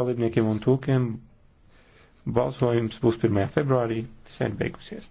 dalībniekiem un tūkiem. Balsojums būs 1. februārī, sen beigusies.